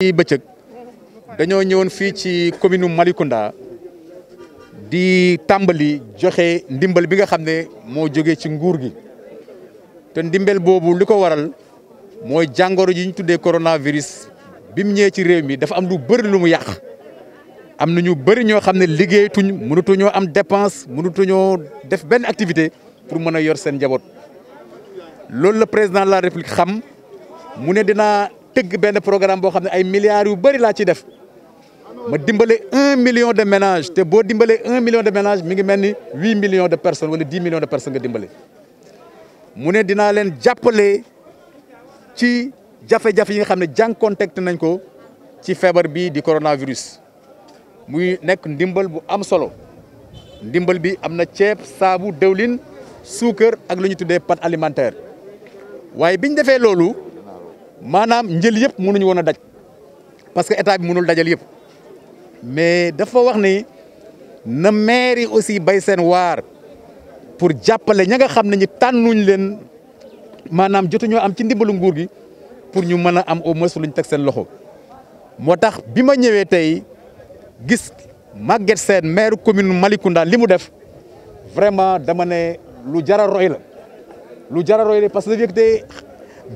ci bëccëg dañoo ñëwoon fii ci commune Malicounda di tàmbali joxe ndimbal bi nga xam ne moo jóge ci nguur gi te ndimbal boobu li ko waral mooy jàngoro yi ñu tuddee coronavirus bi mu ñëwee ci réew mi dafa am lu bëri lu mu yàq am na ñu bëri ñoo xam ne liggéeyatuñ mënatuñoo am dépense mënatuñoo def benn activité pour mën a yor seen njaboot loolu la président de la république xam mu ne dinaa tëgg benn programme boo xam ne ay milliards yu bëri laa ci def ma dimbale un million de ménage te boo dimbalee un million de ménage mi ngi mel ni huit millions de personnes wala dix millions de personnes nga dimbale mu ne dinaa leen jàppale ci jafe-jafe yi nga xam ne jànkoonte nañ ko ci feebar bii di coronavirus muy nekk ndimbal bu am solo ndimbal bi am na ceeb saabu dëwlin suukar ak lu ñu tuddee pâte alimentaire waaye bi ñu defee loolu maanaam njël yëpp mënuñu woon a daj parce que état bi mënul dajal yëpp mais dafa wax ni na maire yi aussi bay seen waar pour jàppale ña nga xam ne ñi tànnuñ leen maanaam jotuñoo am ci ndimbalu nguur gi pour ñu mën a am au moins luñ teg seen loxo moo tax bi ma ñëwee tey gis Maguette seen maire commune Malicounda li mu def vraiment dama ne. lu jar roy parce que c'est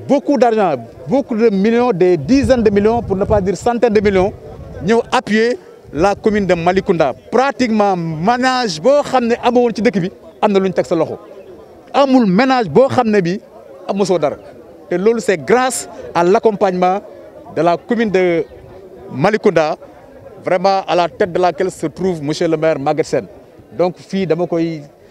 beaucoup d'argent, beaucoup de millions des dizaines de millions pour ne pas dire centaines de millions avons appuyé la commune de Malikunda. pratiquement ménage boo xam ne ci dëkk bi am na Il sa loxo de ménage grâce à l'accompagnement de la commune de Malikunda, vraiment à la tête de laquelle se trouve M. le maire Maguersen. donc fille dama koy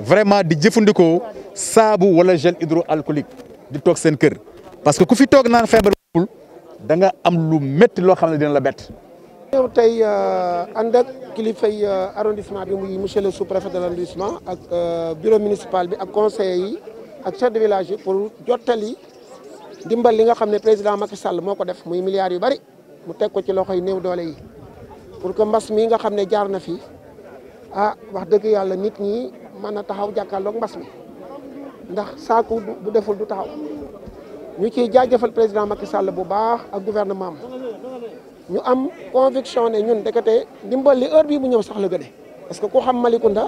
vraiment di jëfandikoo sabu wala gel hydroalcoolique di tok sen kër parce que ku fi tok nan feebar bul da nga am lu metti lo xamne dina la bett. yow tay euh, ànd ak kilifay euh, arrondissement bi muy monsieur le sous-préfet de l'arrondissement ak euh, bureau municipal bi ak conseillers yi ak chef de village pour jotali dimbal li nga xamne président Macky Sall moko def muy milliards yu bari mu tek ko ci loxoy new néew doole yi pour que mbass mi nga xamne ne jaar na fi ah wax deug yalla nit ñi. mën a taxaw jàkkaarloog mbas mi ndax saako bu deful du taxaw ñu ciy jaajëfal président Macky Sall bu baax ak gouvernement am ñu am conviction ne ñun ndekete ndimbal li heure bii bu ñëw sax la gëne parce que ku xam Malicounda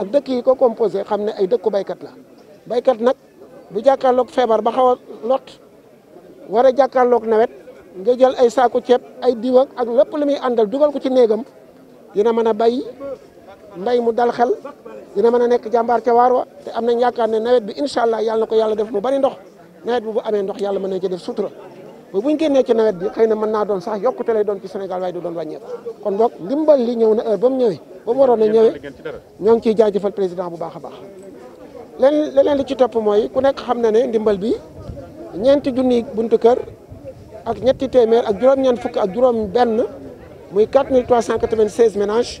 ak dëkk yi ko composé xam ne ay dëkku baykat la baykat nag bu jàkkaarloog feebar ba xaw a lot war a jàkkaarloog nawet nga jël ay saako ceeb ay diw ak lépp lu muy àndal dugal ko ci néegam dina mën a bay mbay mu dal xel dina mën a nekk jàmbaar ca waar wa te am na yaakaar ne nawet bi incha allah yàlla na ko yàlla def mu bari ndox nawet bi bu amee ndox yàlla mën nañ ci def sutura ba buñ génnee ci nawet bi xëy na mën naa doon sax yokkute lay doon ci Sénégal waaye du doon wàññeeku kon boog ndimbal li ñëw na heure ba mu ñëwee ba mu waroon a ñëwee ñoo ngi ciy jaajëfal président bu baax a baax leen leneen li ci topp mooy ku nekk xam na ne ndimbal bi ñeenti junni buntu kër ak ñetti téeméer ak juróom-ñeent fukki ak juróom benn muy 4396 ménages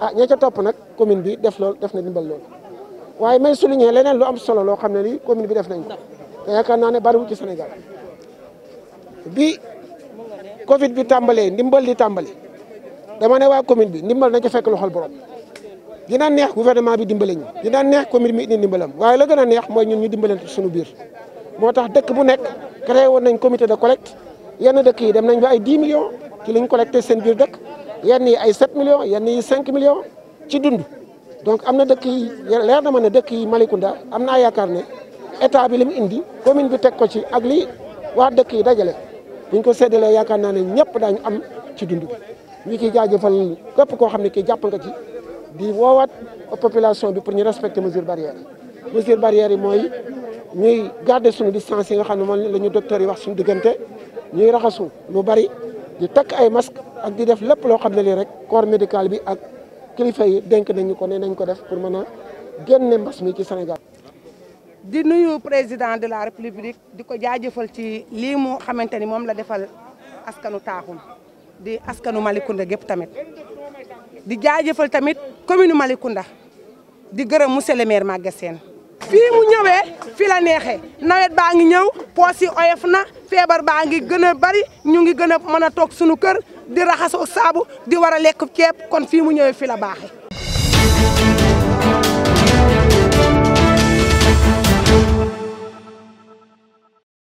ah ña ca topp nag commune bi def lool def na dimbal loolu waaye may souligner leneen lu am solo loo xam ne lii commune bi def nañ te yaakaar naa ne bariwul ci Sénégal bi Covid bi tàmbalee ndimbal di tàmbali dama ne waa commune bi ndimbal na ca fekk loxol borom dina neex gouvernement bi dimbale ñu dina neex commune bi indi waaye la gën a neex mooy ñun ñu dimbalante suñu biir moo tax dëkk bu nekk créé woon nañ comité de collecte yenn dëkk yi dem nañ ba ay 10 millions ci liñ collecté seen biir dëkk yenn yi a 7 millions yenn a 5 millions ci dund donc am na dëkk yi leer na ma ne dëkk yi malikunda am naa ne état bi li indi commune bi teg ko ci ak li waa dëkk yi dajale buñ ko yaakaar naa ne ñëpp daañu am ci dund bi ñu ciy jaajëfal képp koo xam ne kii nga ci di woowaat population bi pour ñu respecter mesure barrière mesure barrière yi ñuy garder suñu distance yi nga xam ne docteur wax suñu diggante ñuy raxasu lu bari di ay masque ak di def lépp loo xam ne lii rek corps médical bi ak kilifa yi denk nañu ko ne nañ ko def pour mën a génne mbas mi ci Sénégal. di nuyu président de la république di ko jaajëfal ci lii mu xamante ni moom la defal askanu taaxum di askanu Malicounda gépp tamit di jaajëfal tamit commune Malicounda di gërëm monsieur le maire Maguette fii mu ñëwee fi la neexee nawet baa ngi ñëw poos yi oyof na feebar baa ngi gëna bari ñu ngi gëna a mën a toog sunu kër di raxasoo saabu di war a lekk ceeb kon fii mu ñëwee fila la